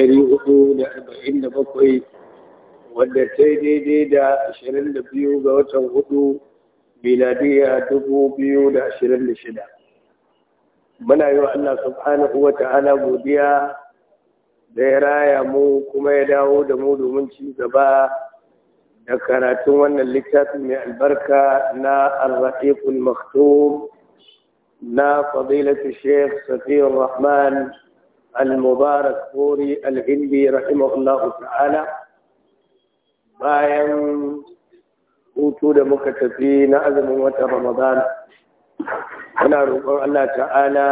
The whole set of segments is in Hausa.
ɗari hudu da arba'in da bakwai wadda ta daidai da ashirin da biyu ga watan hudu miladiya dubu biyu da ashirin da shida muna yi wa Allah subhanahu wa ta'ala godiya da ya raya mu kuma ya dawo da mu domin ci gaba da karatun wannan littafi mai albarka na arra'iqul maktum na fadilatu sheikh safiyar rahman al-mubarak kori al-hindi rahimahullahu ta'ala bayan hutu da muka tafi na azumin watan ramadan muna roƙon Allah ta'ala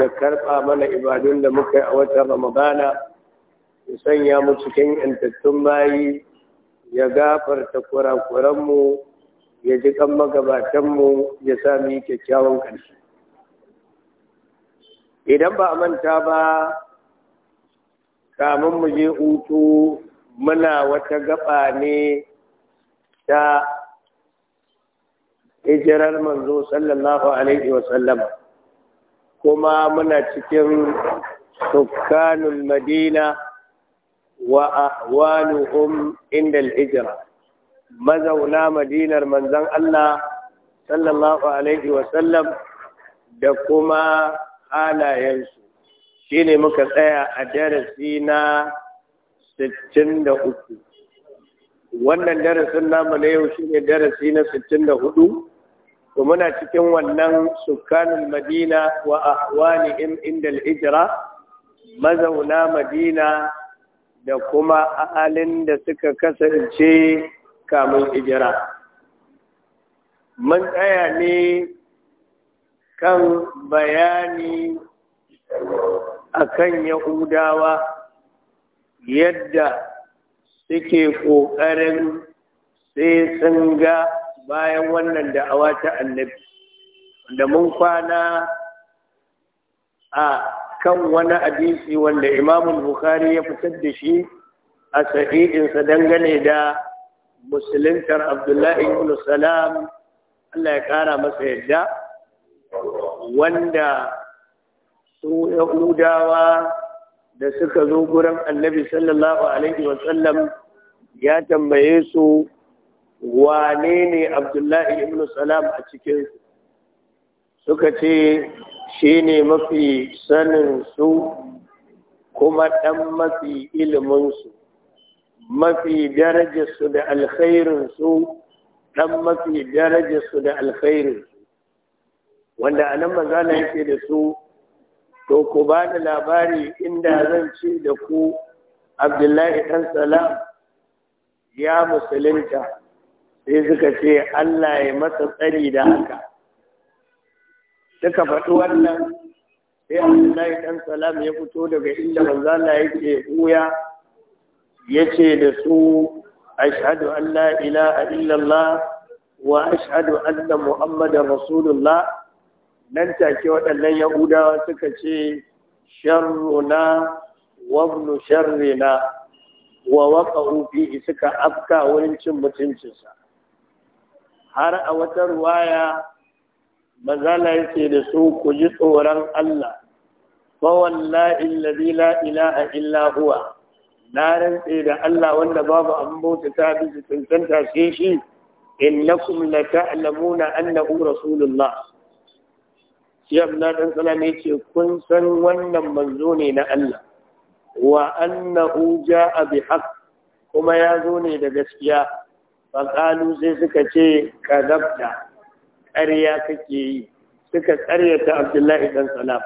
ya karɓa mana ibadun da muka yi a watan ramadana ya sanya mu cikin yantattun bayi ya gafarta kurakuranmu ya ji kan magabatanmu ya sami kyakkyawan ƙarshe idan ba a manta ba kamun mu je hutu muna wata gaba ne ta hijirar manzo sallallahu alaihi wasallam kuma muna cikin sukkanul madina wa ahwanuhum inda al-hijra mazauna madinar manzon Allah sallallahu alaihi wasallam da kuma halayensu shi ne muka tsaya a darasi na 63 wannan darasin namu na yau shi ne darasi na 64 to muna cikin wannan sukanin madina wa wani inda al'ijira mazauna madina da kuma halin da suka kasance kamun ijira mun tsaya ne kan bayani akan yahudawa yadda suke ƙoƙarin sai sun ga bayan wannan da'awa ta annabi da mun kwana a kan wani hadisi wanda imamun bukhari ya fitar da shi a sahihinsa dangane da musuluntar abdullahi ibn salam Allah ya ƙara masa yadda wanda su yahudawa da suka zo gurin annabi sallallahu alaihi wasallam ya tambaye su wane ne abdullahi ibn salam a cikin suka ce shi ne mafi sanin su kuma ɗan mafi iliminsu mafi darajarsu da alkhairinsu ɗan mafi darajarsu da alkhairinsu wanda anan manzana yake da su to ku ba da labari inda zan ce da ku abdullahi ɗan salam ya musulunta sai suka ce allah ya masa tsari da haka suka faɗi wannan sai abdullahi ɗan salam ya fito daga inda manzana yake wuya, ya ce da su ashadu an la ilaha illallah wa ashadu anna muhammadan rasulullah nan take waɗannan yahudawa suka ce sharruna wabnu sharrina wa waqa'u fihi suka afka wurin cin mutuncinsa har a wata ruwaya mazala yake da su ku ji tsoron Allah fa wallahi alladhi la ilaha illa huwa na rantse da Allah wanda babu abin bauta ta bi tantanta sai shi innakum la ta'lamuna annahu rasulullah shi na ɗan salama ce, kun san wannan manzo ne na Allah wa annahu jaa bi haqq kuma ya zo ne da gaskiya faƙalu sai suka ce kadabta ƙarya kake yi suka ta abdullahi dan salam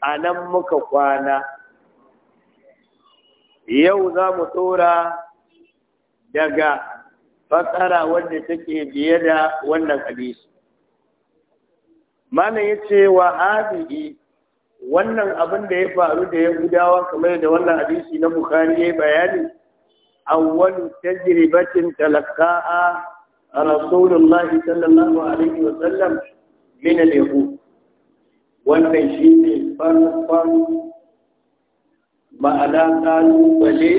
a nan muka kwana yau za mu tsora daga fatsara wanda take biye da wannan hadisi mana ya ce wa hadihi wannan abin da ya faru da yahudawa kamar da wannan hadisi na bukhari ya bayani awwal tajribatin talaqa'a rasulullah sallallahu alaihi wa sallam min al-yahud wannan shine farkon ma'ana kalubale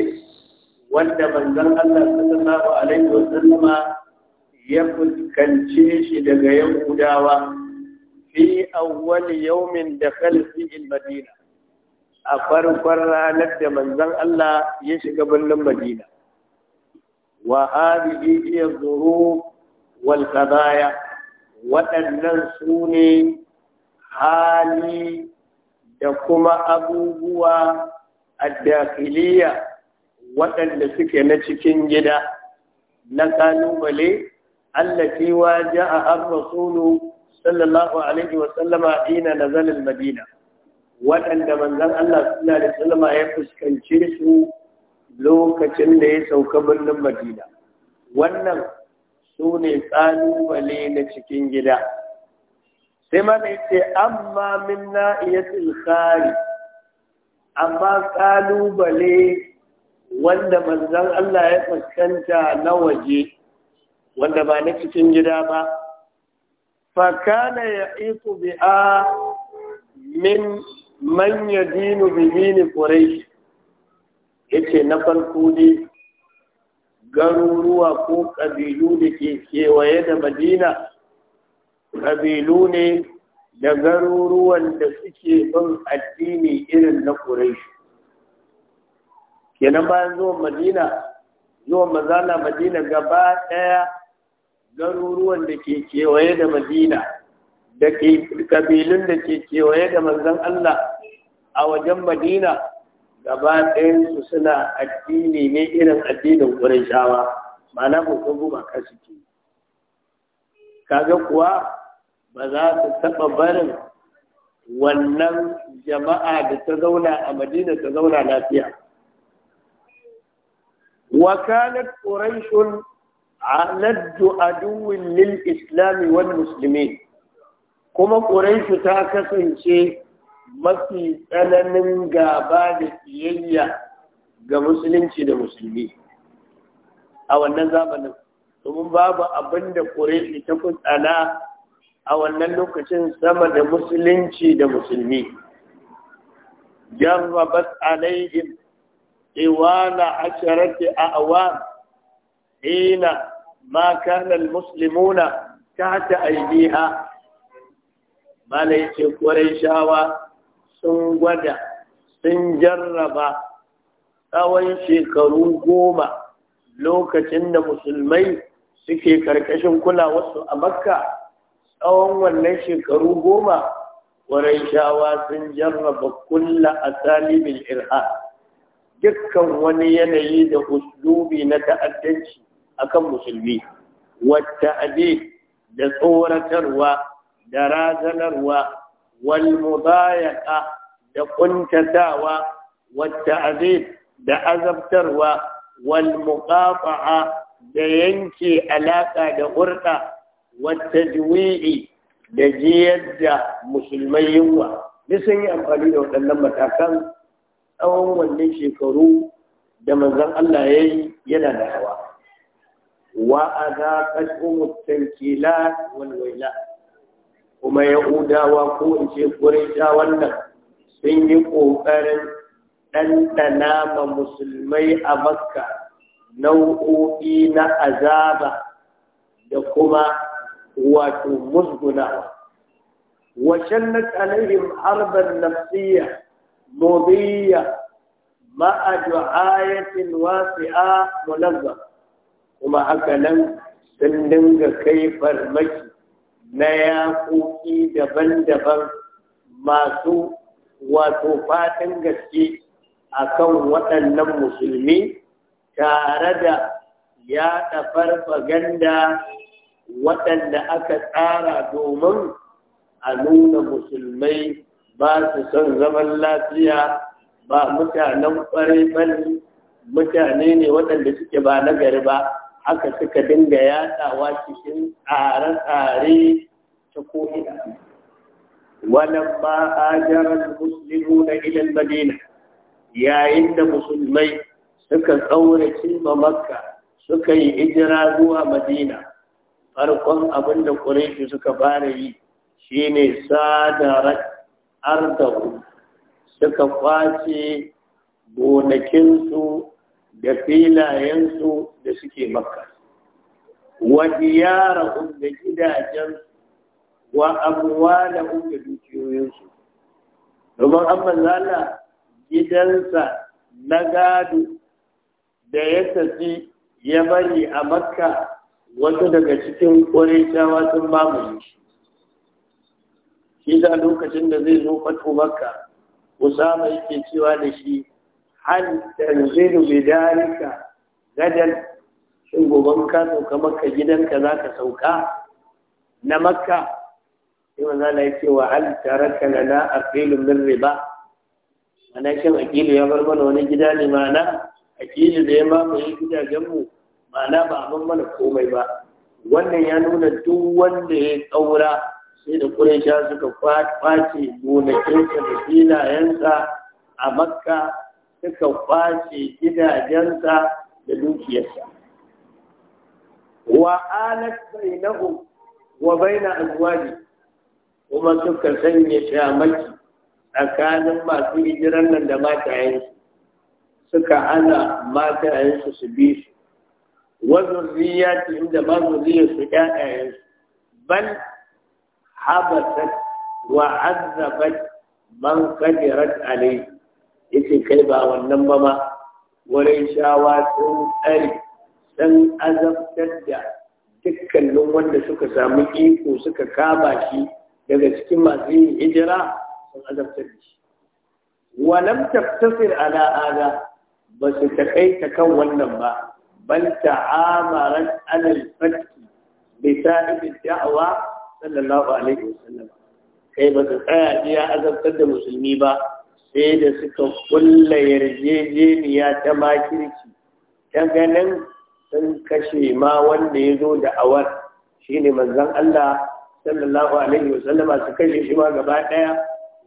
wanda manzon Allah sallallahu alaihi wa sallama ya fuskanci shi daga yahudawa fi awwal yawmin dakhal fi al-madina a farkon ranar da manzon Allah ya shiga birnin Madina wa hadhihi hiya dhurub wal qadaya waɗannan sune hali da kuma abubuwa a dakhiliya waɗanda suke na cikin gida na ƙalubale allafi wa ja'a ar-rasulu sallallahu alaihi wa sallama ina nazalil madina waɗanda manzan Allah sallallahu alaihi wa sallama ya fuskanci su lokacin da ya sauka birnin madina wannan su ne tsanubale na cikin gida sai mana ce amma min na'iyatil khari amma ƙalubale wanda manzan Allah ya fuskanta na waje wanda ba na cikin gida ba فكان يعيط بها من man ya dinu bimini yace na farko ne garuruwa ko ƙabilu da ke kewaye da madina ƙabilu ne da garuruwan da suke bin addini irin na ƙurai kenan bayan zuwan madina zuwan mazala madina gaba ɗaya garuruwan da ke kewaye da madina da ke kabilun da ke kewaye da manzan Allah a wajen madina gaba ɗayansu suna addini ne irin addinin ƙurashawa ma'ana mutum ka suke kaga kuwa ba za su taɓa barin wannan jama'a da ta zauna a madina ta zauna lafiya wakanar kanat aladdu aduwin lil islami wal Musulmi, kuma quraishu ta kasance mafi tsananin gaba da kiyayya ga musulunci da musulmi a wannan zamanin domin babu abin da ta ta tsana a wannan lokacin sama da musulunci da musulmi bas alaihim iwala asharati awa ina ma kana almuslimuna tahta aydiha malai ce shawa sun gwada sun jarraba tsawon shekaru goma lokacin da musulmai suke karkashin wasu a makka tsawon wannan shekaru goma shawa sun jarraba kulla asalibin irha dukkan wani yanayi da uslubi na ta'addanci akan musulmi wata ade da tsoratarwa da razanarwa walmubayaka da ƙuntatawa, wata ade da azabtarwa walmukafa'a da yanke alaƙa da hurɗa wata juwi'i da jiyar da musulmai yunwa nisan yi amfani da waɗannan matakan tsawon wannan shekaru da manzan Allah ya yi yana da hawa. وأذاقتهم التنكيلات والويلات kuma Yahudawa ko in ce Kureta wannan sun yi ƙoƙarin ɗanɗana ma musulmai a Makka nau'o'i na azaba da kuma wato musgunawa. Wacan na tsanayin harbar nafsiyya, mobiyya, ma'adu ayatin wasi'a mulazzar. kuma haka nan sun dinga kai farmaki na yaƙoƙi daban-daban masu wato fatan gaske a kan waɗannan musulmi tare da yaɗa farfaganda waɗanda aka tsara domin a nuna musulmai ba su son zaman lafiya ba mutanen ƙwarai bane mutane ne waɗanda suke ba na gari ba aka suka dinga yadawa cikin tsare-tsare ta ko'ina. Wannan ba a jarar musulmi na gidan Madina, yayin da musulmai suka tsaure cimma makka suka yi ijira zuwa Madina, farkon abin da ƙuraifi suka fara yi shi ne sadarar ardawu suka kwace gonakinsu da filayensu da suke makka wa diyarahum da gidajen wa abuwa da dukiyoyinsu domin an manzana gidansa na gado da ya tafi ya bari a makka wasu daga cikin ƙwarishawa sun mamaye shi shi da lokacin da zai zo fato makka usama yake cewa da shi hal tanzilu bidalika gadan shin goban ka sauka makka gidanka za ka sauka na makka sai manzo Allah ya ce wa hal taraka lana aqilu min riba ana shin aqilu ya bar mana wani gida ne mana aqilu da ya ma mu gidajen mu mana ba abin mana komai ba wannan ya nuna duk wanda ya tsaura sai da ƙuraisha suka kwace gonakinsa da filayensa a makka suka kwashe gidajensa da dukiyarsa wa alat nahu wa na kuma suka sanya shamaki tsakanin masu hijiran nan da matayensu suka ana matayensu su bi su wa zurriyatihim da ma su, ƴaƴayensu bal habatat wa azzabat man qadirat alayhi Yake kai ba wannan ba ma wurin shawa sun tsari sun azabtar da dukkanin wanda suka samu iko suka kama shi daga cikin masu yin hijira sun azabtar da shi walam tafsir ala ada ba su takaita kan wannan ba bal ta'amaran alal fatki bi sa'ibi da'wa sallallahu alaihi wasallam kai ba su tsaya ya azabtar da musulmi ba sai da suka kulla yarjejeniya ta makirci ta ganin sun kashe ma wanda ya zo da awar shine manzon Allah sallallahu alaihi wasallama su kashe shi ma gaba daya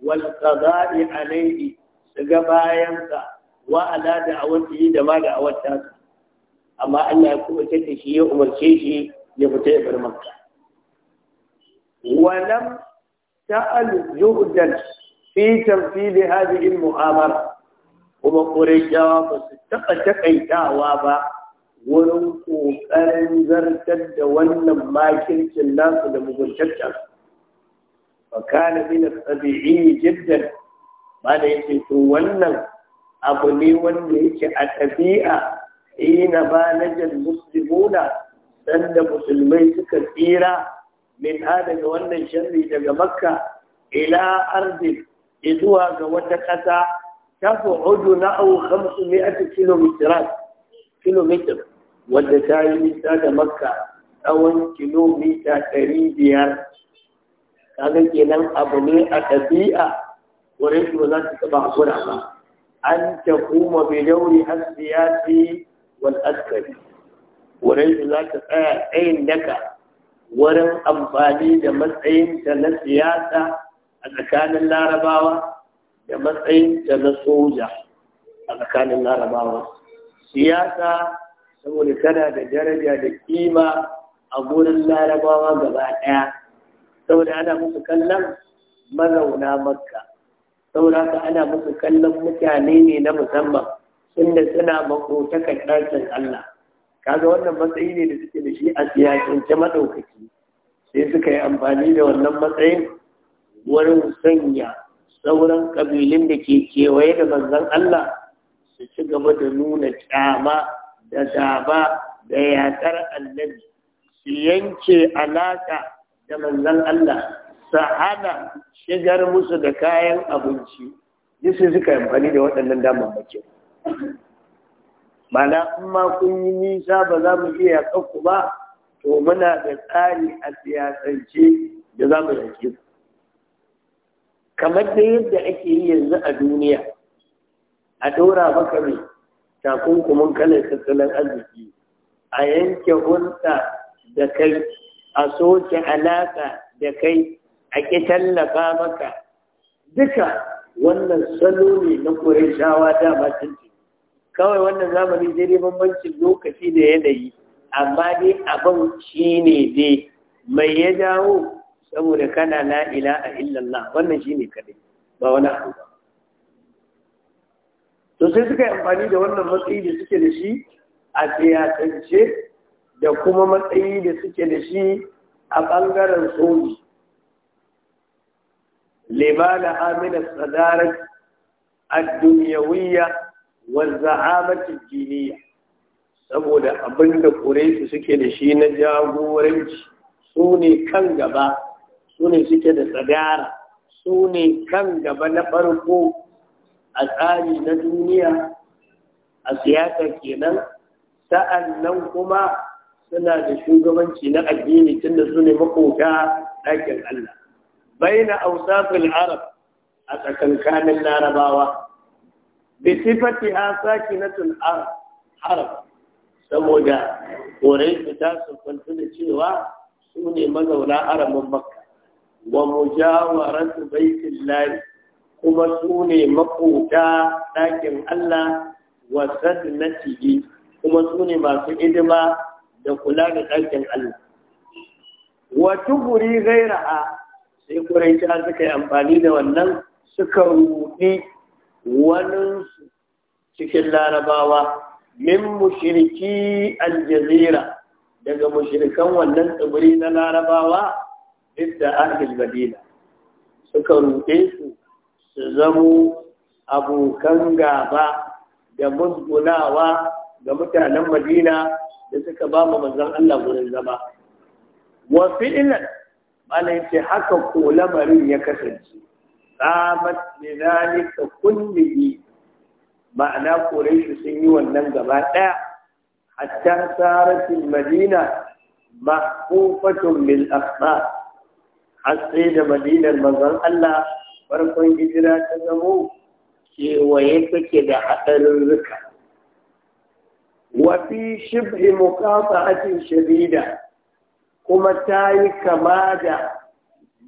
wal qada'i alaihi su ga bayansa wa ala da awati da ma da awata amma Allah ya kuma tace shi ya umarce shi ya fita ya bar makka walam ta'al juhdan Mitan tamfili hadhihi mu'amara kuma ƙuraishawa ba su taɓa takaitawa ba wurin ƙoƙarin zartar da wannan makircin nasu da muguntattar ba kana min tabi'i jiddan ba da yake to wannan abu ne wanda yake a ɗabi'a ina ba najal muslimuna dan da musulmai suka tsira min hada ga wannan sharri daga makka ila ardin zuwa ga wata ƙasa ta hudu na au hamsu mi'ati kilomitar wadda ta yi nisa da makka tsawon kilomita ɗari biyar kaga kenan abu ne a ɗabi'a wurin su za su taɓa hakura ba an ta kuma bai dauri asibiyati wal askari wurin su za ta tsaya tsayin daga wurin amfani da matsayinta na siyasa a tsakanin larabawa da matsayin da na soja a tsakanin larabawa siyasa saboda tana da daraja da kima a gurin larabawa gaba ɗaya saboda ana musu kallon mazauna makka saboda haka ana musu kallon mutane ne na musamman inda suna makotaka ɗakin Allah kaga wannan matsayi ne da suke da shi a siyasance maɗaukaki sai suka yi amfani da wannan matsayin wurin sanya sauran ƙabilun da ke kewaye da manzon Allah su ci gaba da nuna ƙyama da daba da yaƙar annabi su yanke alaƙa da manzon Allah su hana shigar musu da kayan abinci duk sai suka amfani da waɗannan damar damammakin mana in ma kun yi nisa ba za mu iya yaƙar ku ba to muna da tsari a siyasance da za mu yanke ku kamar da yadda ake yi yanzu a duniya a ɗora maka mai takunkumin kalar tattalin arziki a yanke hulɗa da kai a soke alaka da kai a ƙi tallafa maka duka wannan salo ne na shawa dama tunci kawai wannan zamani dai bambancin lokaci da yanayi amma dai abin shi ne dai mai ya dawo saboda kana la ilaha illallah wannan shine kade ba wani abu ba to sai suka yi amfani da wannan matsayi da suke da shi a siyasance da kuma matsayi da suke da shi a ɓangaren soji limana amina sadarar adduniyawiyya wa za'amatin jiniya saboda abinda da suke da shi na jagoranci sune kan gaba su ne suke da tsagara su ne kan gaba na farko a tsari na duniya a siyasa kenan sa'annan nan kuma suna da shugabanci na addini tunda su ne makota ɗakin Allah baina Ausafin arab a tsakankanin larabawa bi sifati ha na tun arab saboda korai su ta sufantu da cewa su ne mazauna aramin makka wa mujawaratu baitillah kuma sune ne dakin ɗakin Allah wa sadnatihi kuma sune masu ilima da kula da ɗakin Allah wa tuburi ghairaha sai ta suka yi amfani da wannan suka rudi wani cikin larabawa min mushriki aljazira daga mushrikan wannan tsibiri na larabawa idda ahlul madina suka ruɗe su su zamo abokan gaba da musgunawa ga mutanen madina da suka ba mu manzon Allah gurin zama wa fi'lan malai ce haka ko lamarin ya kasance qamat li zalika kullihi ma'ana quraish sun yi wannan gaba daya hatta sarat madina mahfufatun bil akhbar har da madinar manzon Allah farkon hijira ta zamo kewaye take da haɗarin zuka. wafi shibhi mukafa'atin shadida kuma ta yi kama da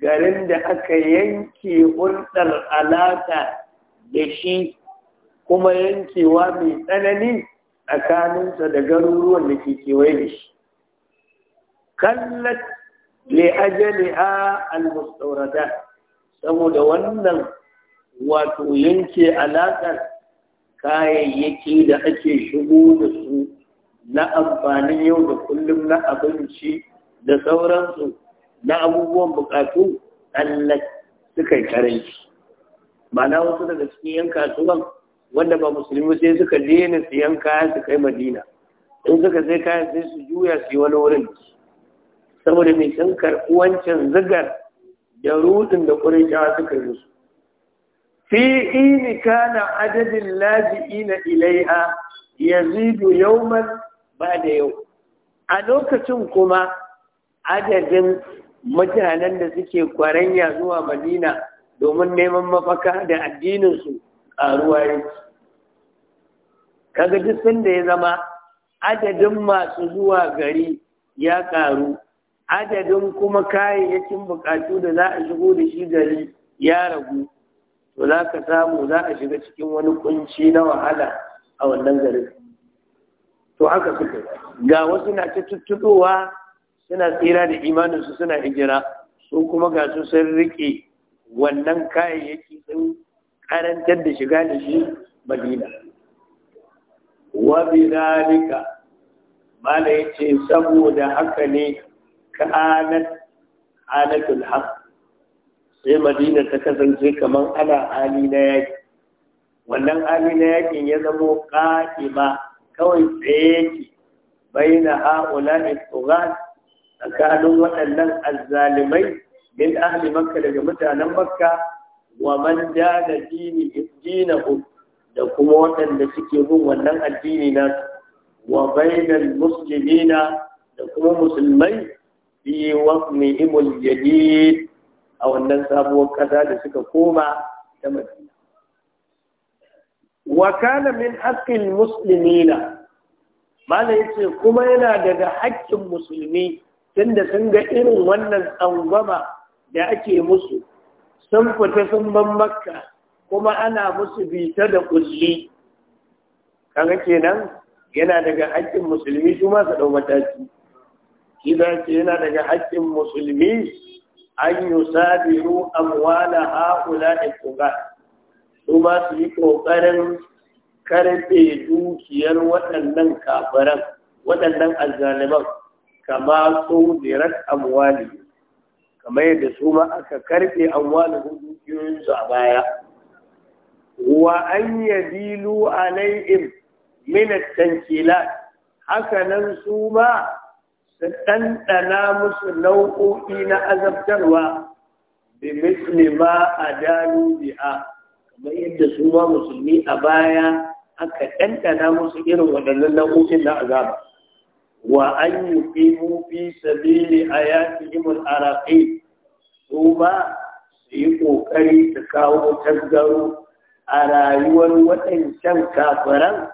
garin da aka yanke hulɗar alaƙa da shi kuma yankewa mai tsanani tsakaninsa da garuruwan da ke kewaye da shi kallat li'ajaliha a mustawradat saboda wannan wato yanke alaƙar kayayyaki da ake shigo da su na amfanin yau da kullum na abinci da sauransu na abubuwan bukatu Allah suka yi karanci ma'ana wasu daga cikin yan kasuwan wanda ba musulmi sai suka daina siyan kaya su kai madina in suka sai kaya sai su juya su yi wani wurin saboda mai sun karɓi wancan zigar da rudin da ƙurishawa suka yi su fi ini na adadin laji'ina ilaiha yazidu yauman ba da yau a lokacin kuma adadin mutanen da suke kwaranya zuwa madina domin neman mafaka da addininsu ƙaruwa yake kaga duk sun da ya zama adadin masu zuwa gari ya ƙaru adadin kuma kayayyakin buƙatu da za a shigo da shi gari ya ragu to za ka samu za a shiga cikin wani kunci na wahala a wannan garin to haka suka ga wasu na ta tuttuɗowa suna tsira da imaninsu suna hijira su kuma ga su sun riƙe wannan kayayyaki sun karantar da shiga da shi madina wa bi zalika mala yace saboda haka ne kanat alatul haq sai madina ta kasance kamar ana hali na yaki wannan hali na yakin ya zamo ƙa'ima kawai tsaye yake baina ha'ula tsugat tsakanin waɗannan azzalimai min ahli makka daga mutanen makka wa man jana dini dinahu da kuma waɗanda suke bin wannan addini na wa bainal muslimina da kuma musulmai fi imul jadid a wannan sabuwar kasa da suka koma ta Madina wa kana min haqqil muslimina mala yace kuma yana daga haƙƙin musulmi tunda sun ga irin wannan tsangwama da ake musu sun fita sun ban makka kuma ana musu bita da kulli kaga kenan yana daga haƙƙin musulmi su ma su dau mataki shi ce yana daga haƙƙin musulmi an yi sabiru amwala haƙula da kuga su ma su yi ƙoƙarin karfe dukiyar waɗannan kafaran waɗannan azzaliman kama su dirat amwali kamar yadda su ma aka karfe amwalihun dukiyoyinsu a baya wa an yadilu alaihim min at-tankilat haka nan su ma su ɗanɗana musu nau'o'i na azabtarwa bi misli ma a dalu bi'a kamar yadda su ma musulmi a baya aka ɗanɗana musu irin waɗannan nau'o'in na azaba wa an yi qimu fi sabili ayatihim al-araqi su ba su yi ƙoƙari su kawo tasgaro a rayuwar waɗancan kafiran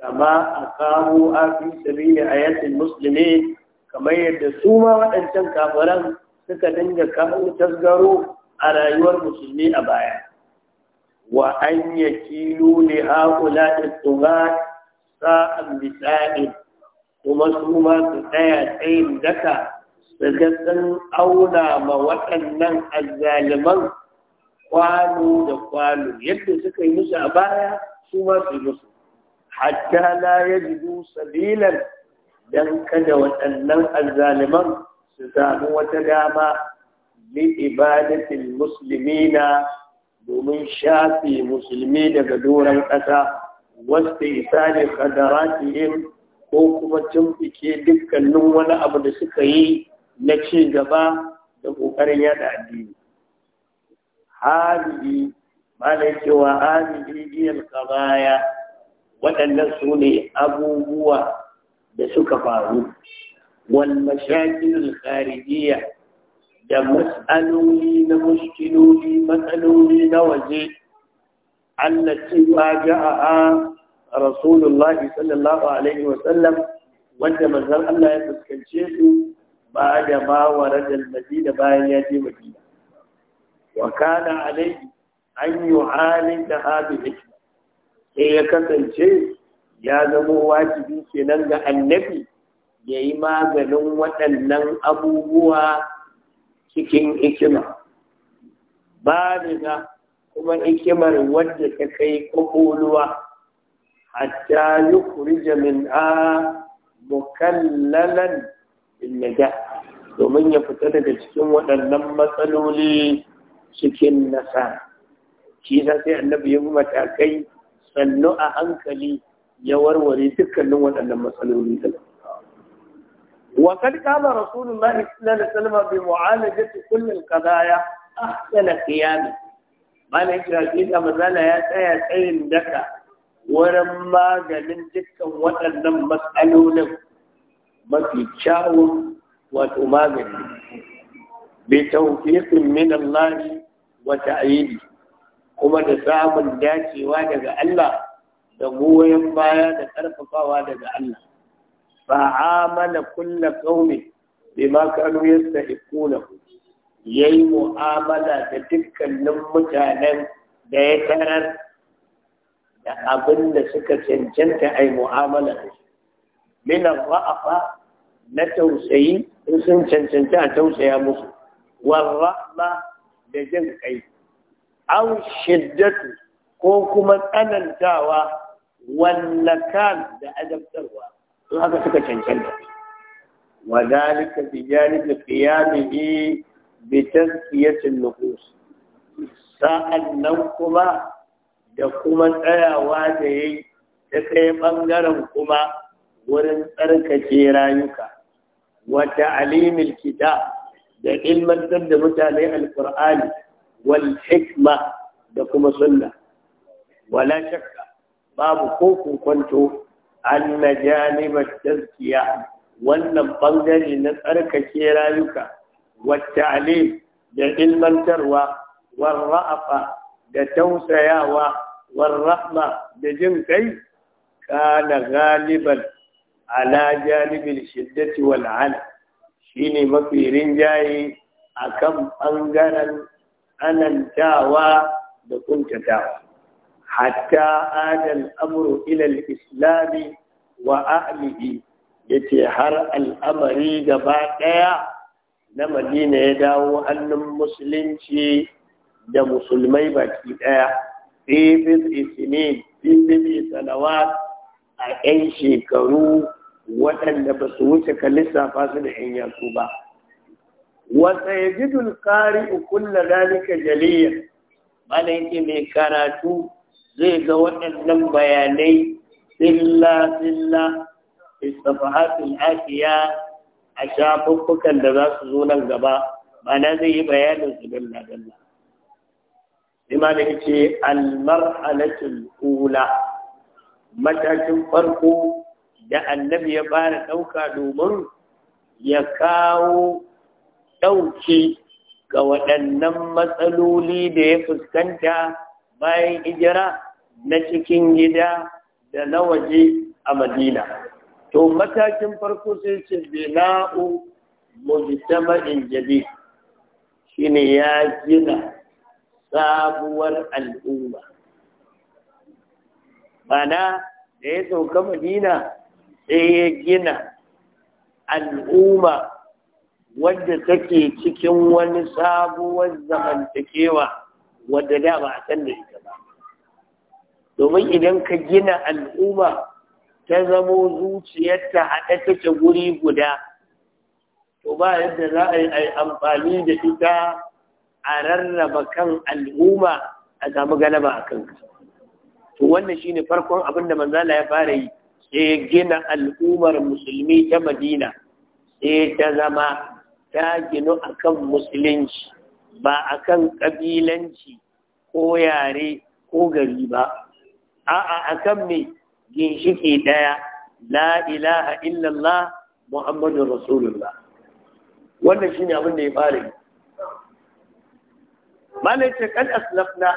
kama a kawo a fi sabili ayatin musulmi kamar yadda su ma waɗancan kafiran suka dinga kawo tasgaro a rayuwar musulmi a baya wa an ya kilo ne haƙula istuwa sa'an bisa'in kuma su ma su tsaya tsayin daka su ga sun auna ma waɗannan azzaliman kwano da kwano yadda suka yi musu a baya su ma su yi musu hatta la yajidu sabilan don kada waɗannan alzaliman su samu wata dama ibadatin musulmi na domin shafi musulmi daga doron ƙasa wasu isa ne kadaratihim ko kuma tumfike dukkanin wani abu da suka yi na ci gaba da ƙoƙarin yada addini. Hadihi, malai cewa hadihi iyal kamaya waɗannan su ne abubuwa da suka faru wal mashakil kharijiyya da mas'aloli na mushkiloli matsaloli na waje allati ma ja'a rasulullahi sallallahu alaihi wa sallam wanda manzon Allah ya fuskance su ba da ma madina bayan ya je madina wa kana alaihi an yu'alija hadhihi sai ya kasance ya zama wajibi kenan ga annabi ya yi maganin waɗannan abubuwa cikin hikima ba da kuma hikimar wadda ta kai ƙwaƙwalwa hatta yi kurija min a mukallalan innada domin ya fita daga cikin waɗannan matsaloli cikin nasa shi sai annabi ya matakai sannu a hankali ya warware dukkanin waɗannan matsaloli da wa kad qala rasulullah sallallahu alaihi wasallam bi mu'alajati kulli al-qadaya ahsana qiyam malai kira mazala ya tsaya tsayin daka wurin maganin dukkan waɗannan matsalolin mafi kyawun wato magani bi tawfiqin min Allah wa ta'yidi kuma da samun dacewa daga Allah da goyon baya da ƙarfafawa daga Allah a mana kulla qaumi bima kanu Ya yi mu'amala da dukkanin mutanen da ya tarar da abin da suka cancanta yi mu'amala da shi min ra'afa na tausayi in sun cancanta a tausaya musu wal rahma da jin kai an shiddatu ko kuma tsanantawa wallakan da adabtarwa su haka suka cancanta wa zalika bi janib qiyamihi bi tazkiyatin nufus sa'annan kuma da kuma tsayawa da yayi ta kai bangaren kuma wurin tsarkake rayuka wa ta'limil kitab da ilmantar da mutane alqur'ani wal hikma da kuma sunna wala shakka babu ko kwanto an na janibar taskiya wannan bangare na tsarkake rayuka wacce alim da ilmantarwa warra'afa da tausayawa warra'ma da jin kai kana galiban ala janibin shiddati wal ala shine mafi rinjaye akan bangaren anantawa da kuntatawa hatta adal Amro, ila Islami, islam wa ahlihi yace har al'amari gaba daya na Madina ya dawo hannun musulunci da musulmai baki ɗaya. fi isinin fi bi salawat a yan shekaru waɗanda ba su wuce ka lissafa su da yan yanzu ba wasa yajidul qari'u kullu dhalika jaliyan malai mai karatu zai ga waɗannan bayanai silla silla istafahatul afiya a shafuffukan da za su zo nan gaba ma'ana zai yi bayanin su dalla dalla bima da yace al ula matakin farko da annabi ya fara ɗauka domin ya kawo ɗauki ga waɗannan matsaloli da ya fuskanta bayan ijira na cikin gida da na waje a madina to matakin farko sai ce bina'u mujtama'in jadi shine ya gina sabuwar al'umma mana da ya sauka madina sai ya gina al'umma wadda take cikin wani sabuwar zamantakewa wadda da ba a san da ita domin idan ka gina al'umma ta zamo zuciyarta haɗe take guri guda to ba yadda za a yi amfani da ita a rarraba kan al'umma a samu galaba a kanka to wannan shine farkon abin da manzala ya fara yi sai gina al'ummar musulmi ta madina sai ta zama ta ginu akan musulunci ba akan ƙabilanci ko yare ko gari ba a'a akan me ginshiki daya la ilaha illallah muhammadur rasulullah wannan shine abin da ya fara malaita kan aslafna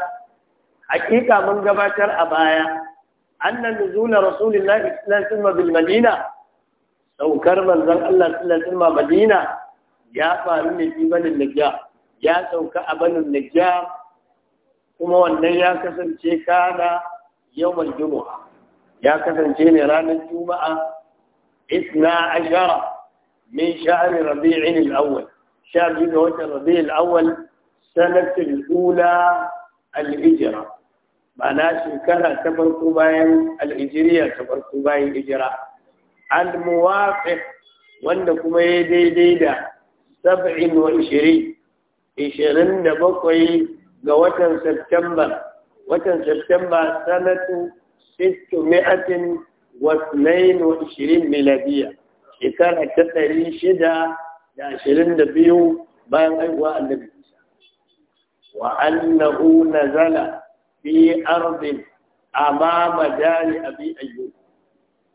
hakika mun gabatar a baya annan nuzula rasulillahi sallallahu alaihi bil madina saukar manzon Allah sallallahu alaihi wasallam madina ya faru ne fi banin najjar ya sauka a banin najjar kuma wannan ya kasance kana yawmal Juma'a ya kasance ne ranar juma'a isna ashara min sha'ri rabi'in al-awwal sha biyu ga watan rabi'in al-awwal sanatul ula al-hijra ma'ana shekara ta farko bayan al ta farko bayan hijira al-muwafiq wanda kuma ya daidai da 27 27 ga watan September watan Septemba sanatu 600 wasnain miladiya shekara ta ɗari shida da ashirin da biyu bayan aiwa annabi Isa. Wa annahu nazala fi ardin amama dari abi ayyub.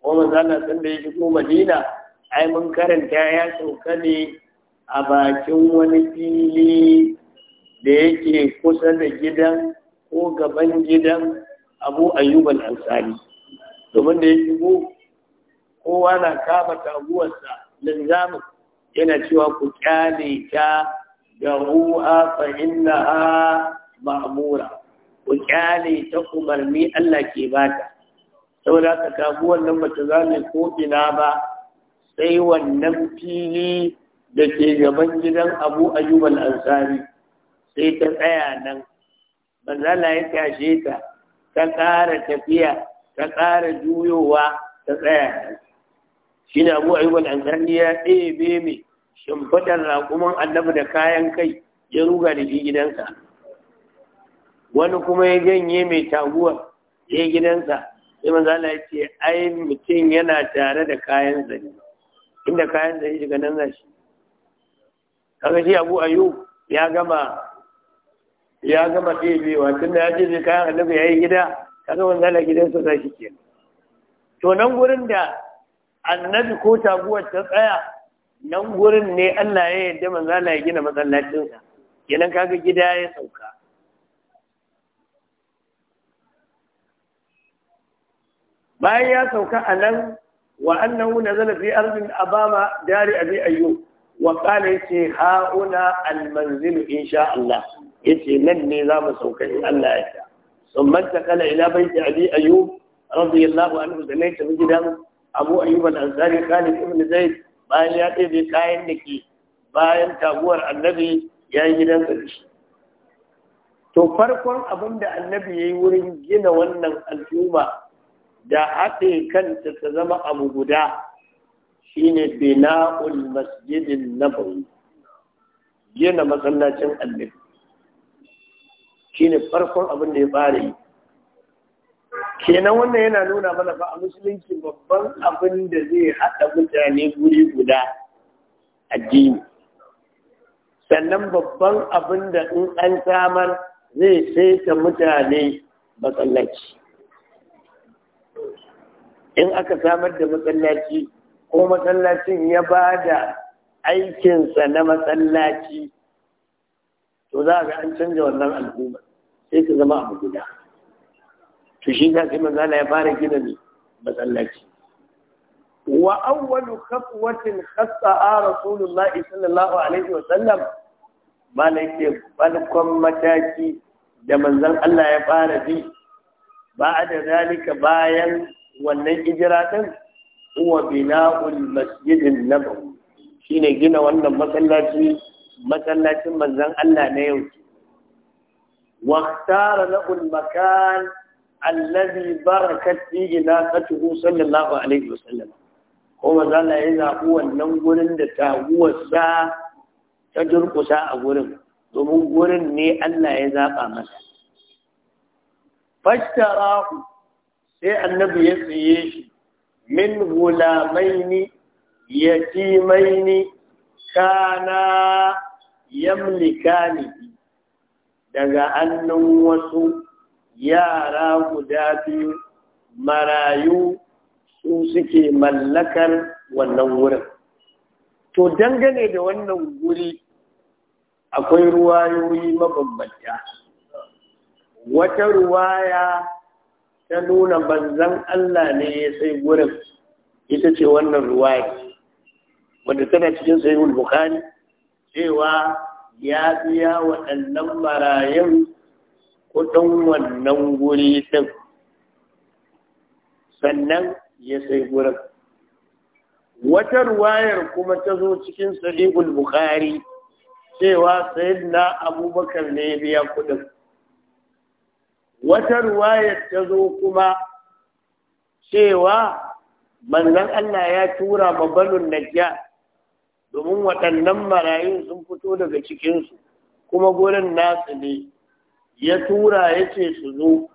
Kuma mazala sun da ya shigo Madina ai mun karanta ya sauka ne a bakin wani fili da yake kusa da gidan ko gaban gidan abu ayyuban ansari domin da ya shigo kowa na kama taguwarsa linzamin yana cewa ku kyale ta ga ru'a fa ha ma'mura ku kyale ta umarni Allah ke bata saboda haka taguwar nan bata zame ko ina ba sai wannan fili da ke gaban gidan abu ayyuban ansari sai ta tsaya nan manzala ya tashe ta ta ƙara tafiya ta ƙara juyowa ta tsaya shi ne abu ayyukan ansari ya ɗebe mai shimfiɗar raƙumin annabi da kayan kai ya ruga da shi gidansa wani kuma ya ganye mai taguwa ya gidansa sai manzala ya ce ai mutum yana tare da kayan zane inda kayan zane shiga nan za shi kaga shi abu ayyub ya gama ya gama ɗebewa tun da ya zai kayan annabi ya yi gida zama zala gidansa za shi ke to nan gurin da annabi ko taguwar ta tsaya nan gurin ne Allah ya yarda zala ya gina masallacinsa kenan kaga gida ya sauka bayan ya sauka a nan wa annahu nazala fi ardin abama dari abi ayyub wa qala yace hauna al in sha Allah yace nan ne za mu sauka in Allah ya ta sun manta kala ila baiti abi ayyub radiyallahu anhu da nai tafi gidan abu ayyub al-ansari khalid ibn zaid bayan ya bi kayan da bayan tabuwar annabi ya yi gidan shi to farkon abin da annabi ya yi wurin gina wannan al'umma da haɗe kanta ta zama abu guda shine bina'ul masjidin nabawi gina masallacin annabi shine farkon abin da ya bare yi kenan wannan yana nuna mana fa a musulunci babban abin da zai haɗa mutane guri guda addini sannan babban abin da in an samar zai saita mutane matsalaci in aka samar da matsalaci ko matsalacin ya ba da aikinsa na matsalaci to za a ga an canza wannan al'ummar sai ka zama abu guda to shi ta sai manzala ya fara gina ne masallaci wa awwalu khafwatin khassa'a rasulullah sallallahu alaihi wa sallam ke balkon mataki da manzon Allah ya fara bi ba da zalika bayan wannan hijira din huwa bina'ul masjidin nabawi shine gina wannan masallaci Masallacin manzan Allah na yau waktara na ulmakan allazi barakat fihi na sallallahu alaihi wasallam ko manzan Allah ya zaɓi wannan gurin da ta sa ta durkusa a gurin domin gurin ne Allah ya zaɓa masa fashtara sai annabi ya saye shi min gulamaini yatimaini kana yamlikani daga annun wasu yara guda biyu marayu su suke mallakar wannan wurin to dangane da wannan guri akwai ruwayoyi mabambanta wata ruwaya ta nuna banzan Allah ne ya sai wurin ita ce wannan ruwaya wanda tana cikin sayi bukhari cewa ya biya waɗannan marayun kuɗin wannan guri ɗin sannan ya sai gurin wata ruwayar kuma ta zo cikin sahihul bukhari cewa na abubakar ne ya biya kuɗin. wata ruwayar ta zo kuma cewa manzon Allah ya tura ma banun najjar domin waɗannan marayun sun fito daga cikinsu kuma gurin nasu ne ya tura ya ce su zo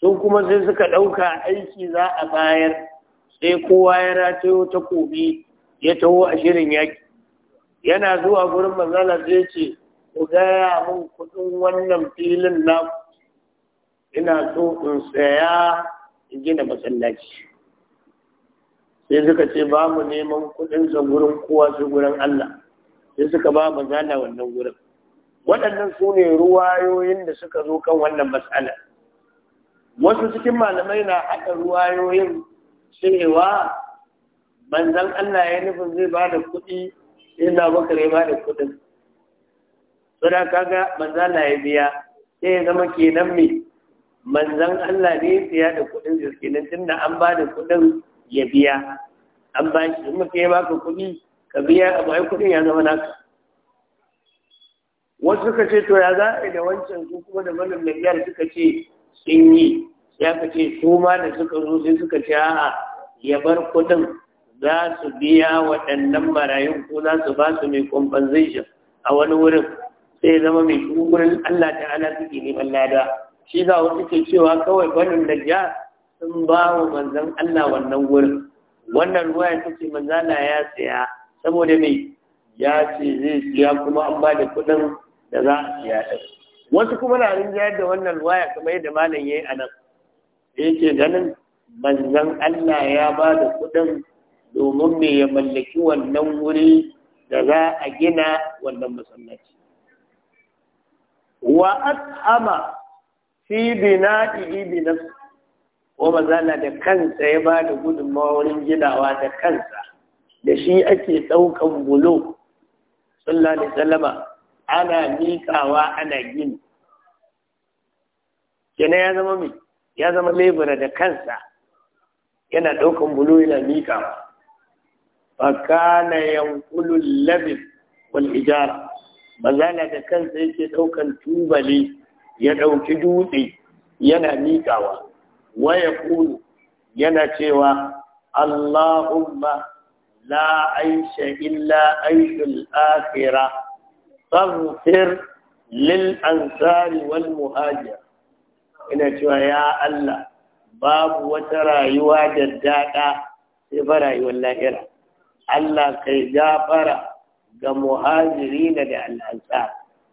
sun kuma sai suka ɗauka aiki za a bayar sai kowa ya ratayo ta kobi ya taho a shirin yaƙi yana zuwa gurin manzala sai ce ku gaya min kuɗin wannan filin na ina so in saya in gina masallaci sai suka ce ba mu neman kuɗin sa gurin kowa su gurin Allah sai suka ba mu zana wannan gurin waɗannan su ne ruwayoyin da suka zo kan wannan matsala wasu cikin malamai na haɗa ruwayoyin cewa manzan Allah ya nufin zai ba da kuɗi na baka ne ba da kuɗin suna kaga manzan Allah ya biya sai ya zama kenan me manzan Allah ne ya biya da kuɗin jirgin tun da an ba da kuɗin ya biya an ba shi in mutum ya kuɗi ka biya abu ai kuɗin ya zama naka wasu suka ce to ya za a da wancan su kuma da malam biyar suka ce sun yi ya ka ce su ma da suka zo sai suka ce a'a ya bar kuɗin za su biya waɗannan marayun ko za su ba su mai compensation a wani wurin sai zama mai shugurin Allah ta'ala suke neman lada shi za wasu ke cewa kawai banin jiya? sun ba wa manzan Allah wannan wurin wannan ruwa ya ce manzana ya tsaya saboda me ya ce zai siya kuma an ba da kuɗin da za a siya ɗin wasu kuma na rinjayar da wannan ruwaya kamar yadda malam ya yi a nan yake ganin manzan Allah ya ba da kuɗin domin me ya mallaki wannan wuri da za a gina wannan masallaci wa at'ama fi bina'ihi bi nafsi ko mazala da kansa ya ba da gudunmawa wurin ginawa da kansa da shi ake ɗaukan bulo sallallahu alaihi wasallama ana miƙawa ana gini kenan ya zama mai ya zama lebura da kansa yana ɗaukan bulo yana miƙawa fa kana yanqulu labin wal ijara da kansa yake ɗaukan tubali ya ɗauki dutse yana miƙawa wa Kulu yana cewa Allahumma la aisha illa aishul akhirah faghfir lil ansari wal muhajir ina cewa ya Allah babu wata rayuwa da daɗa sai ba rayuwar lahira. Allah kai gafara ga muhajiri da al'ansa,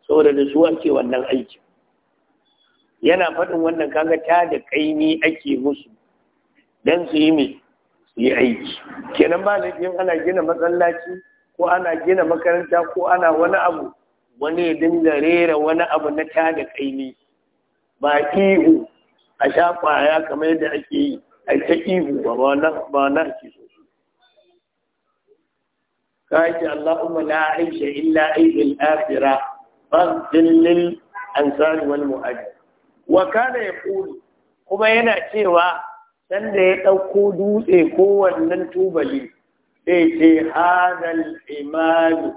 saboda da su ake wannan aiki. yana faɗin wannan kaga ta da ƙaimi ake musu don su yi mai su yi aiki kenan ba yin ana gina matsalaci ko ana gina makaranta ko ana wani abu wani ya dinga rera wani abu na ta da ƙaimi ba ihu a sha ƙwaya kamar yadda ake yi a ta ihu ba ba na ake so ka ce Allahumma la aisha illa aibul akhirah fa dillil ansari wal mu'ajjal wa kana ya kuma yana cewa sanda ya ɗauko dutse ko wannan tubali sai ce hadal imanu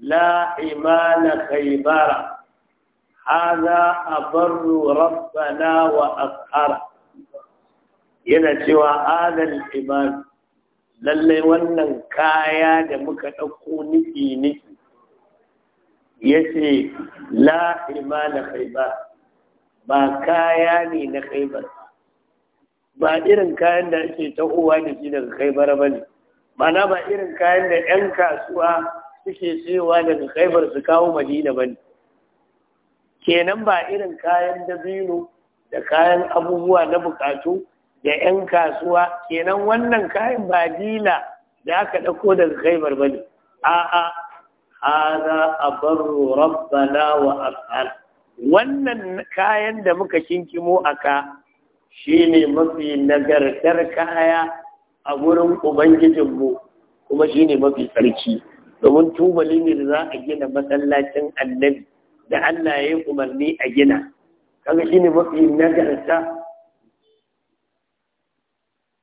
la imana khaybara hadha abarru rabbana wa akhara yana cewa hadal imanu lallai wannan kaya da muka ɗauko niki niki ya ce la imana khaybara ba kaya ne na kaibar ba irin kayan da ake tahowa da shi daga kaibar ba ne mana ba irin kayan da 'yan kasuwa suke sayowa daga kaibar su kawo madina ba ne kenan ba irin kayan dabino da kayan abubuwa na bukatu da 'yan kasuwa kenan wannan kayan ba dila da aka ɗauko daga kaibar ba ne a'a haza abar rabbana wa ashal wannan kayan da muka kinkimo a ka shi ne mafi nagartar kaya a wurin ubangijinmu kuma shi ne mafi tsarki domin tubali ne da za a gina masallacin annabi da Allah ya yi umarni a gina kaga shi ne mafi nagarta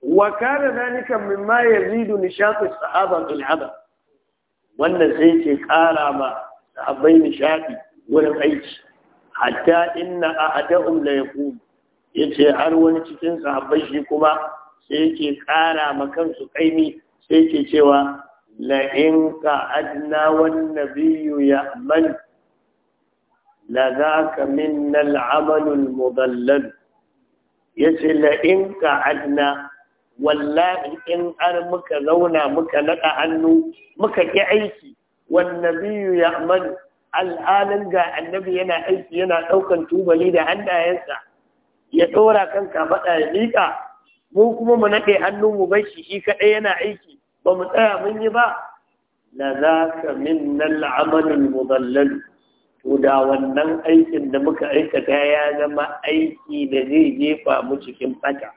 mimma ذلك مما يزيد نشاط الصحابة بالعمل wannan sai ke ƙara ma sahabbai nishaɗi wurin aiki hatta inna ahadahum la yaqum yace har wani cikin sahabbai shi kuma sai yake ƙara ma kansu kaimi sai yake cewa la in qa'adna wan nabiyyu ya'man la zaka minna al-amal al-mudallal yace la in qa'adna wallahi in an muka zauna muka naɗa hannu muka ki aiki wan nabiyyu ya'man al'adun ga annabi yana aiki yana ɗaukan tubali da hannayensa ya ɗora kan kafaɗa ya miƙa mu kuma mu naɗe hannun mu bai shi shi kaɗai yana aiki ba mu tsaya mun yi ba la za ka min nan la'amalin mudallal to da wannan aikin da muka aikata ya zama aiki da zai jefa mu cikin fata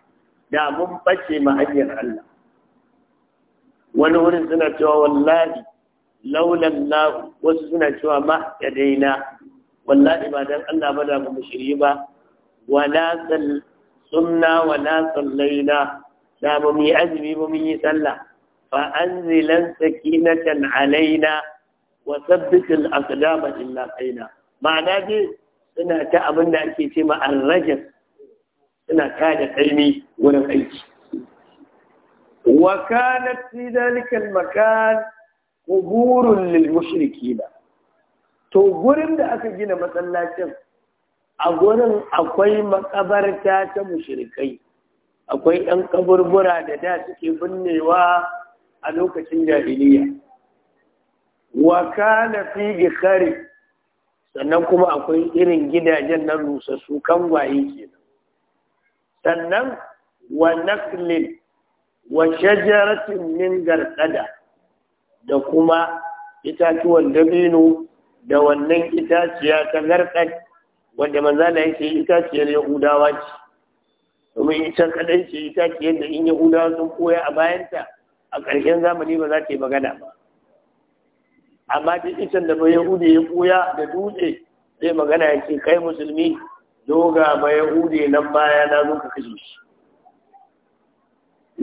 da mun ɓace ma hanyar Allah wani wurin suna cewa wallahi laulan na wasu suna cewa ma ya daina wallahi ba dan Allah ba da mu shirye ba wala sal sunna wala sallaina da ba mu yi azumi ba yi sallah fa anzilan sakinatan alaina wa sabbit al illa qaina ma'ana dai suna ta abin da ake ce ma arrajas suna kada da wurin aiki wa kanat fi dalika al wa gurun lil mushrikina to gurin da aka gina masallacin a gurin akwai makabarta ta mushrikai akwai ɗan kaburbura da da suke binnewa a lokacin jahiliya wa kana fi gikhari sannan kuma akwai irin gidajen nan rusassu kangwaye kenan sannan wa naqlin wa shajaratin min gardada da kuma itatuwan dabino da wannan itaciya ta narkat wanda manzala yake itaciyar yahudawa ce domin ita kadai ce itaciyar da in yahudawa sun koya a bayanta a ƙarshen zamani ba za ta yi magana ba amma duk can da bai yahudi ya koya da dutse zai magana ya ce kai musulmi doga ba yahudi nan baya na zo ka kashe shi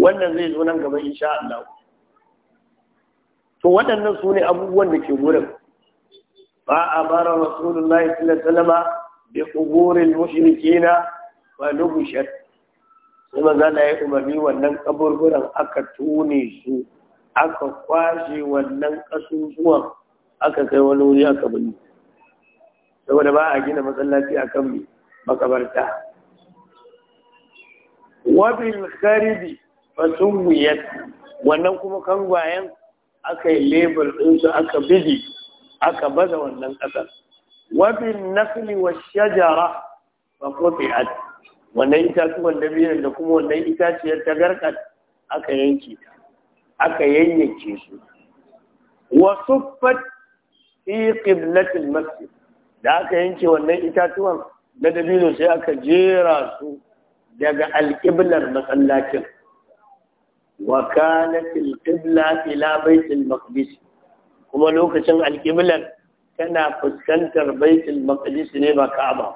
wannan zai zo nan gaba insha Allah to waɗannan su ne abubuwan da ke wurin ba a bara rasulullah sallallahu bi quburil da wa nubshat sai maza na yi umarni wannan kaburburan aka tone su aka kwashe wannan kasusuwan aka kai wani wuri aka bani saboda ba a gina masallaci a kan makabarta wabil kharibi wuyar, wannan kuma kangwayen aka yi lebur ɗinsu aka bidi aka baza wannan ƙasar na nakli wa shajara ba ko kofi'at wannan itatuwan dabinan da kuma wannan itaciyar ta garkat aka yanke ta aka yanyanke su wa suffat fi qiblatil masjid da aka yanke wannan itatuwan na dabino sai aka jera su daga alƙiblar masallacin wakana na filtafila-fila bai san kuma lokacin alkimillar tana fuskantar bai san ne ba ƙa'aba.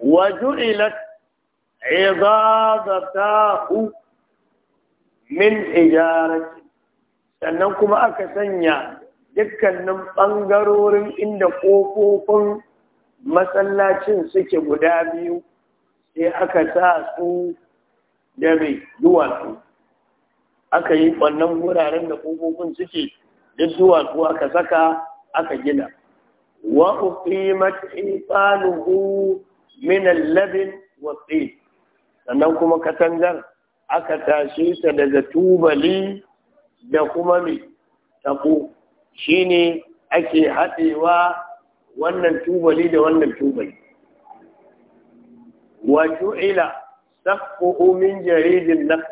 Wa ju'ilat min ijara sannan kuma aka sanya dukkanin ɓangarorin inda ƙofofin matsalacin suke guda biyu sai aka sa su da biyu aka yi wannan wuraren da ƙofofin suke duk duwatsu aka saka aka gina wa uqimat isaluhu min al-labin sannan kuma katangar aka tashe ta daga tubali da kuma mai taɓo shine ake haɗewa wannan tubali da wannan tubali wa ju'ila saqfu min jaridin nakh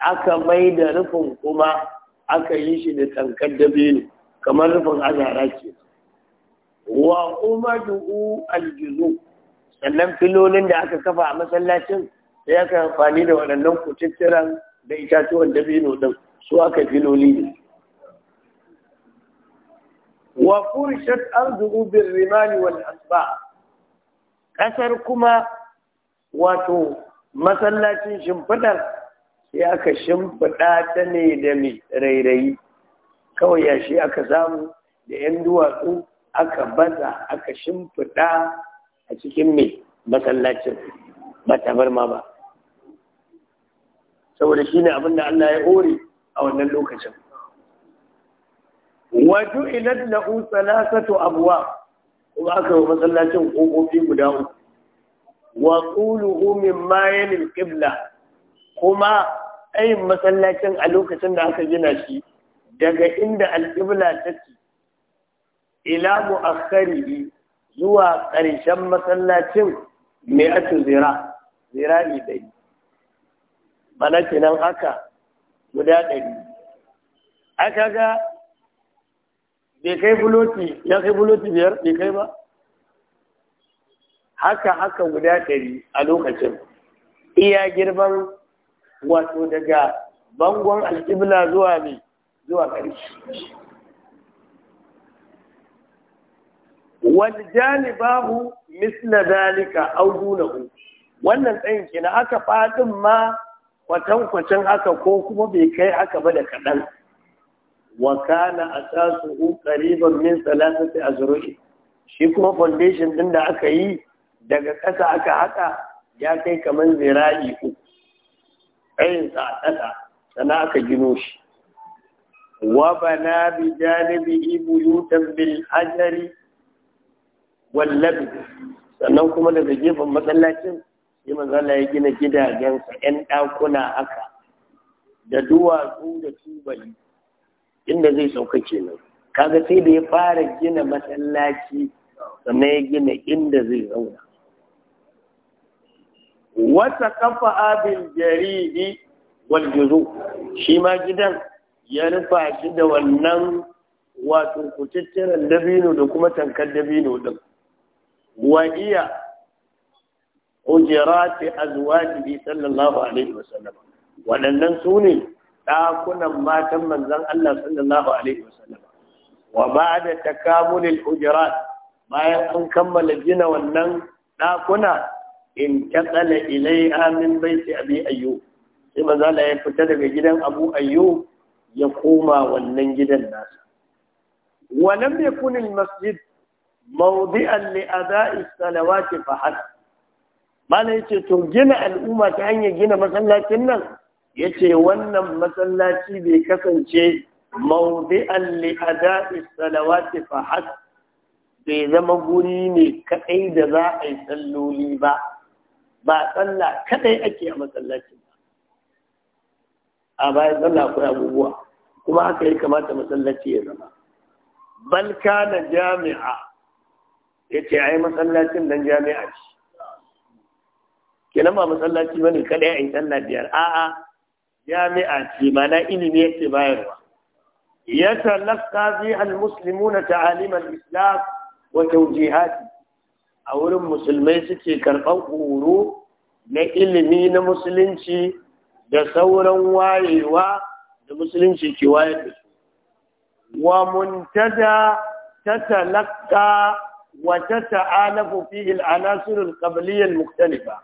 aka mai da rufin kuma aka yi shi da tankar dabino kamar rufin azara ce. wa umadu'u aljizu sannan filolin da aka kafa a masallacin sai aka amfani da waɗannan kututturan da itatuwan dabino ɗin su aka filoli ne wa furshat arzuhu bir rimani wal asba kasar kuma wato masallacin shimfidar sai aka shimfiɗa ta ne da mai rairayi kawai yashi aka samu da 'yan duwatsu aka baza aka shimfiɗa a cikin mai masallacin ba ta ma ba saboda shi ne abinda Allah ya ori a wannan lokacin wato na la'u sato abuwa kuma aka yi masallacin ƙoƙofi guda uku wa ƙulu min mayanin ƙibla kuma ayin masallacin a lokacin da aka gina shi daga inda alƙibla ci ila mu'akhkharihi zuwa ƙarshen masallacin mai ake zira ne ɗari mana nan haka guda ɗari aka ga bai kai buloti ya kai buloti biyar bai kai ba haka haka guda ɗari a lokacin iya girman wato daga bangon alƙibla zuwa mai zuwa ƙarshe wani janibahu misla dalika au dunahu wannan tsayin kina aka faɗin ma kwatankwacin haka ko kuma bai kai aka ba da kaɗan wa kana asasuhu ƙariban min salasati azru'i shi kuma foundation ɗin da aka yi daga ƙasa aka haka ya kai kamar zira'i uku tsayin a ƙasa sana aka gino shi wa bana bi janibi yutan bil ajari wallabi sannan kuma daga gefen matsalacin, sai mazala ya gina gidajensa 'yan ɗakuna aka da duwatsu da tubali inda zai sauka kenan kaga sai da ya fara gina matsalaci, sannan ya gina inda zai zauna wata kafa abin jaridi wal shi ma gidan ya nufa shi da wannan wato kututturen dabino da kuma tankar dabino din wa iya hujirati azwajihi sallallahu alaihi wasallam waɗannan su ne ɗakunan matan manzon Allah sallallahu alaihi wasallam wa ba'da takamulil ujirat bayan an kammala gina wannan ɗakuna in ilai amin min baiti abi ayyo, sai manzo da ya fita daga gidan Abu ayyo, ya koma wannan gidan nasa walam yakun kunin masjid mawdi'an li ada'i salawati fahad mana yace to gina al'umma ta hanyar gina masallacin nan yace wannan masallaci bai kasance mawdi'an li ada'i salawati fahad bai zama guri ne kadai da za a yi salloli ba ba sallah kadai ake a masallacin ba a bayan tsalla kuwa abubuwa kuma haka ya kamata masallaci ya zama balka na jami'a ce ai masallacin don jami'a ce kenan ba masallaci bane kadai yi sallah biyar a'a jami'a ce mana ilimi yake bayarwa Ya يتلقى فيها المسلمون islam الإسلام وتوجيهاته a wurin musulmai suke karɓar horo na ilimi na musulunci da sauran wayewa da musulunci ke waye. da su wa muntada ta talakka wa ta ta'alafu fi al'anasirul qabliyyal mukhtalifa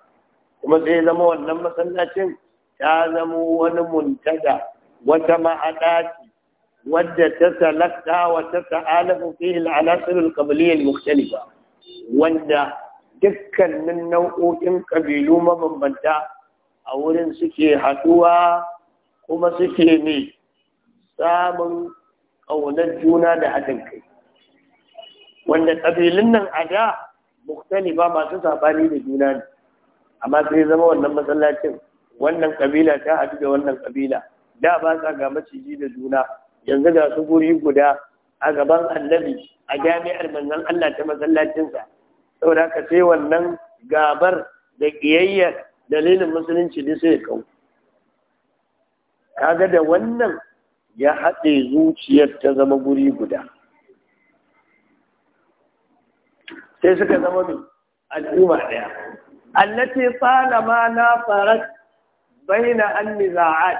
kuma sai zama wannan masallacin ta zama wani muntada wata ma'adaci wadda ta talakka wa ta ta'alafu fi al'anasirul qabliyyal mukhtalifa wanda dukkanin nau'o'in ƙabilu mabambanta a wurin suke haduwa kuma suke ne samun ƙaunar juna da haɗin kai wanda ƙabilun nan a da ba masu saɓani da juna ne amma sai zama wannan masallacin wannan ƙabila ta hadu da wannan ƙabila da ba sa ga maciji da juna yanzu ga su guri guda a gaban annabi a jami'ar manzan Allah ta masallacinsa saboda ka sai wannan gabar da ƙiyayyar dalilin musulunci da sai kau kaga da wannan ya haɗe zuciyar ta zama guri guda sai suka zama mai al'umma ɗaya allati ma na farat baina an niza'at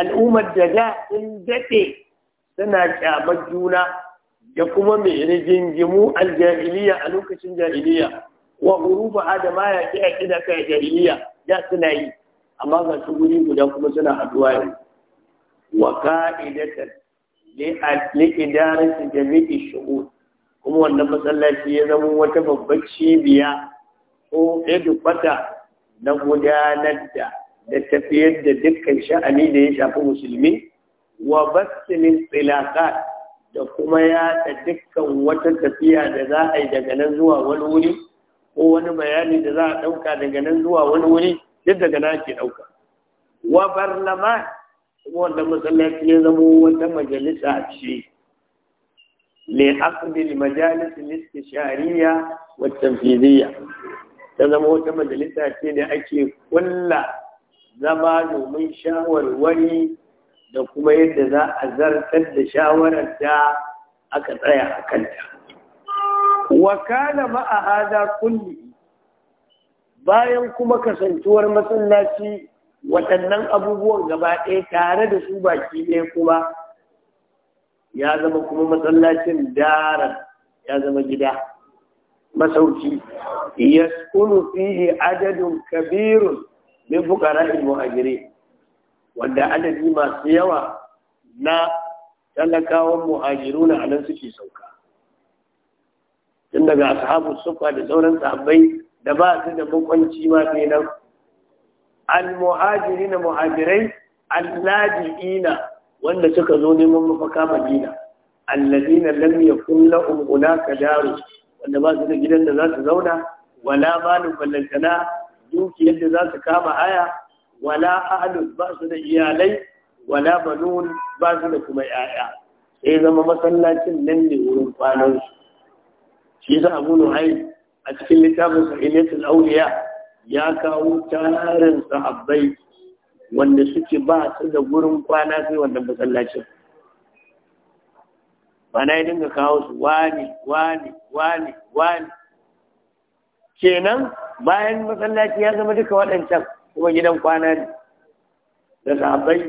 al'ummar da da in daɗe suna kyamar juna ya kuma mai rigingimu aljahiliya a lokacin jahiliya wa hurufa da ma yaƙi a kai jahiliya Ya suna yi amma ga su guri guda kuma suna haɗuwa ne wa ka'idatan li idarati jami'i kuma wannan masallaci ya zama wata babbar cibiya ko edubata na gudanar da da tafiyar da dukkan sha'ani da ya shafi musulmi wa min tsilaka da kuma ya yaɗa dukkan wata tafiya da za a yi daga nan zuwa wani wuri ko wani bayani da za a ɗauka daga nan zuwa wani wuri duk daga na ke ɗauka wa barlama kuma wanda masallaci ya zama wata majalisa ce لعقد shari'a wata والتنفيذية Ta zama wata majalisa ce da ake kulla zama domin shawarwari. da kuma yadda za a zartar da shawarar da aka tsaya a kanta wakana ma'a hada kulli bayan kuma kasantuwar matsalaci, waɗannan abubuwan gaba ɗaya tare da su baki ɗaya kuma ya zama kuma matsalacin dara ya zama gida masauki ya tsunu fiye adadin kabirun min fukara ilmu a wanda adadi masu yawa na talakawan muhajiru na anan suke sauka tun daga ashabu sufa da sauran sahabbai da ba su da makwanci ma sai nan al-muhajirina muhajirai al-laji'ina wanda suka zo neman mafaka madina alladina lam yakun lahum hunaka daru wanda ba su da gidan da za su zauna wala malum ballantana dukiyar da za su kama haya wala ahlun ba su da iyalai wala banun ba su da kuma yaya sai zama masallacin nan ne wurin kwanan su shi za abu nuhai a cikin littafin sahihatul auliya ya kawo tarin sahabbai wanda suke ba su da gurin kwana sai wannan masallacin bana ya dinga kawo su wani wani wani wani kenan bayan masallaci ya zama duka waɗancan kuma gidan kwana ne da sahabbai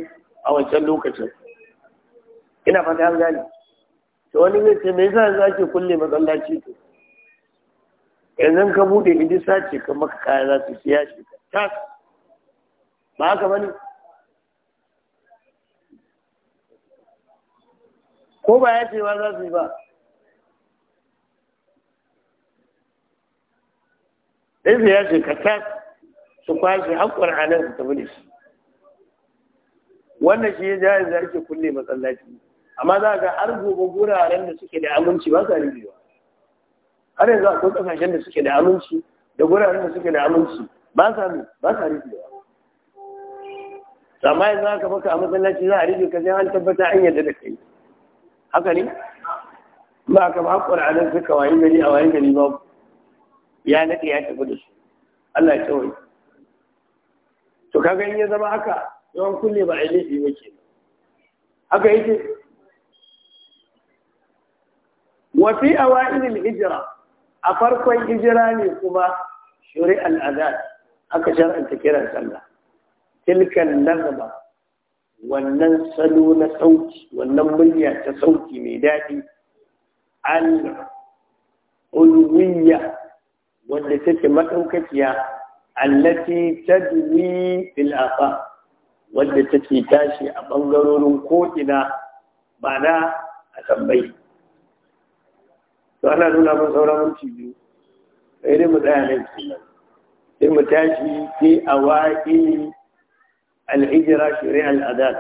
a wancan lokacin ina fata an gani to wani zai ce me yasa yanzu ake kulle masallaci to yanzu ka bude idi sace ka maka kaya za su siya shi tas ba haka bane ko ba ya ce cewa za su yi ba ɗansa ya ce ka tas su kwashe har ƙur'anin su tafi da shi wannan shi ya jayin da ake kulle masallaci amma za ga har gobe guraren da suke da aminci ba sa rubewa har yanzu a akwai ƙasashen da suke da aminci da guraren da suke da aminci ba sa ba sa rubewa amma yanzu aka baka a masallaci za a rufe ka sai an tabbata an yadda da kai haka ne ba ka ba ƙur'anin suka wayi gari a wayi gari ba ya naɗe ya tafi da su Allah ya tsawaye to kaga in ya zama haka yawan kulle ba a laifi ba ke haka yake wafi a wa'ilil hijira a farkon hijira ne kuma shuri al'adad aka shar'anta kiran sallah tilkan nazaba wannan salo na sauki wannan murya ta sauki mai daɗi al-ulwiyya wanda take madaukakiya allati tajri fil afa wadda take tashi a bangarorin ko'ina ba na a tambayi to ana nuna mun sauran minti biyu sai dai mu tsaya nan kenan sai mu tashi fi awaqi al-hijra shari'a al-adhan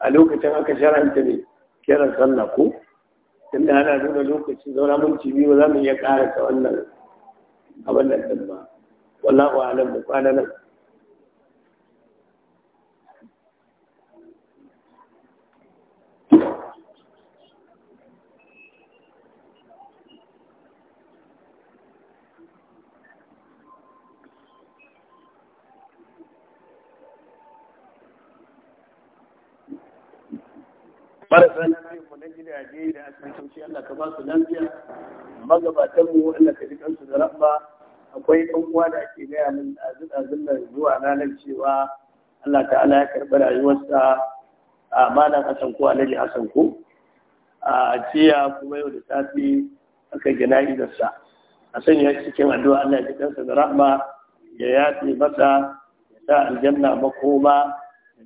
a lokacin aka sharanta ne kiran sallah ko tunda ana nuna lokaci sauran minti biyu ba za mu iya karanta wannan abin da ba wallahu alam mu kwana nan na gidaje da Allah ka ba su lafiya magabatanmu Allah ka ji kansu da rabba akwai ɗan uwa da ake gaya min azin nan zuwa ranar cewa Allah ta'ala ya karɓi rayuwarsa a malam Hassan ko Alhaji Hassan ko a jiya kuma yau da safi aka gina idarsa a sanya cikin addu'a Allah ya kansa da rahma ya yafi masa ya sa aljanna makoma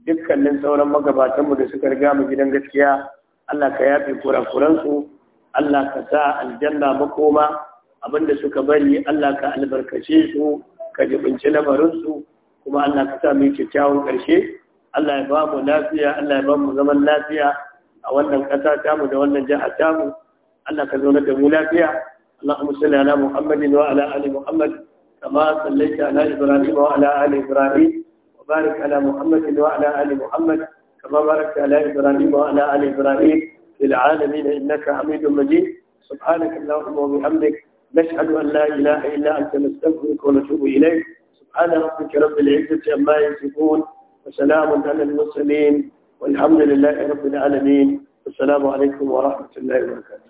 dukkanin sauran magabatanmu da suka riga mu gidan gaskiya Allah ka yafe kurakuransu Allah ka sa aljanna makoma abinda suka bari Allah ka albarkace su ka jibinci lamarinsu kuma Allah ka sa mu kyakkyawan ƙarshe Allah ya ba mu lafiya Allah ya ba mu zaman lafiya a wannan ƙasa tamu da wannan jiha tamu Allah ka zauna da mu lafiya Allahumma salli ala Muhammadin wa ala ali Muhammad kama sallaita ala Ibrahim wa ala ali Ibrahim wa barik ala Muhammadin wa ala ali Muhammad kama barakta ala Ibrahim wa ala ali Ibrahim fil alamin innaka Hamidum Majid subhanaka Allahumma wa bihamdika نشهد أن لا إله إلا أنت نستغفرك ونتوب إليك سبحان ربك رب العزة عما يصفون وسلام على المرسلين والحمد لله رب العالمين والسلام عليكم ورحمة الله وبركاته